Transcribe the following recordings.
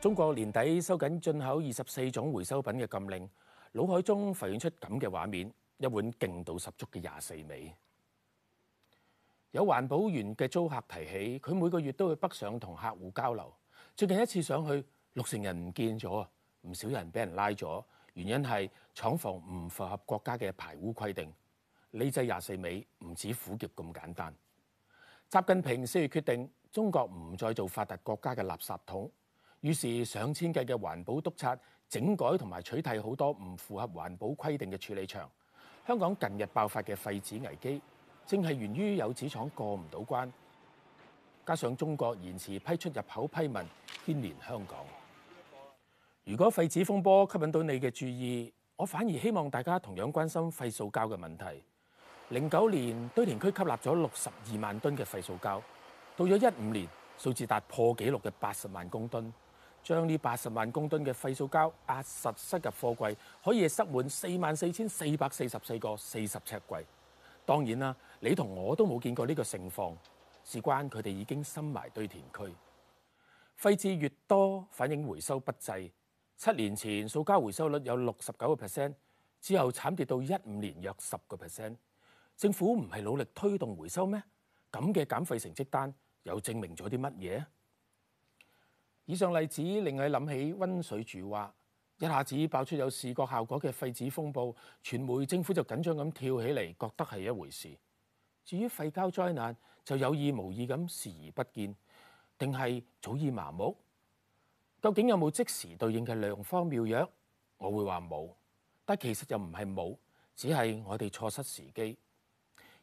中國年底收緊進口二十四種回收品嘅禁令，腦海中浮現出咁嘅畫面：一碗勁度十足嘅廿四味。有環保員嘅租客提起，佢每個月都會北上同客戶交流。最近一次上去，六成人唔見咗，唔少人俾人拉咗。原因係廠房唔符合國家嘅排污規定。理制廿四味唔止苦澀咁簡單。習近平四月決定中國唔再做發達國家嘅垃圾桶，於是上千計嘅環保督察整改同埋取締好多唔符合環保規定嘅處理場。香港近日爆發嘅廢紙危機，正係源於有紙廠過唔到關，加上中國延遲批出入口批文牽連香港。如果廢紙風波吸引到你嘅注意，我反而希望大家同樣關心廢塑膠嘅問題。零九年堆填區吸納咗六十二萬噸嘅廢塑膠，到咗一五年數字達破紀錄嘅八十萬公噸，將呢八十萬公噸嘅廢塑膠壓實塞入貨櫃，可以塞滿四萬四千四百四十四個四十尺櫃。當然啦，你同我都冇見過呢個盛況，事關佢哋已經深埋堆填區，廢置越多，反映回收不濟。七年前塑膠回收率有六十九個 percent，之後慘跌到一五年約十個 percent。政府唔係努力推動回收咩？咁嘅減廢成績單又證明咗啲乜嘢？以上例子令我諗起溫水煮蛙，一下子爆出有視覺效果嘅廢紙風暴，傳媒、政府就緊張咁跳起嚟，覺得係一回事。至於廢膠災難，就有意無意咁視而不見，定係早已麻木？究竟有冇即時對應嘅良方妙藥？我會話冇，但其實又唔係冇，只係我哋錯失時機。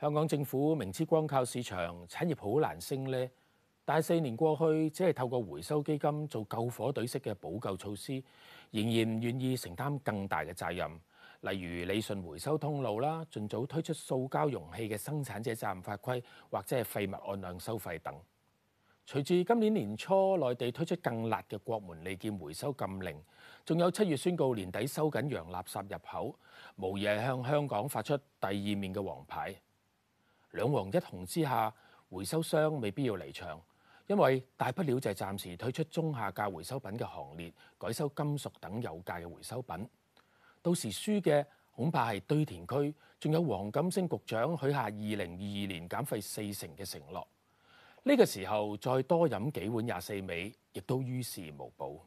香港政府明知光靠市場產業好難升呢，但四年過去，只係透過回收基金做救火隊式嘅補救措施，仍然唔願意承擔更大嘅責任，例如理順回收通路啦，盡早推出塑膠容器嘅生產者責任法規，或者係廢物按量收費等。隨住今年年初內地推出更辣嘅國門利劍回收禁令，仲有七月宣告年底收緊洋垃圾入口，無疑係向香港發出第二面嘅黃牌。兩黃一紅之下，回收商未必要離場，因為大不了就係暫時退出中下價回收品嘅行列，改收金屬等有價嘅回收品。到時輸嘅恐怕係堆填區，仲有黃錦星局長許下二零二二年減廢四成嘅承諾。呢、呢個時候再多飲幾碗廿四味，亦都於事無補。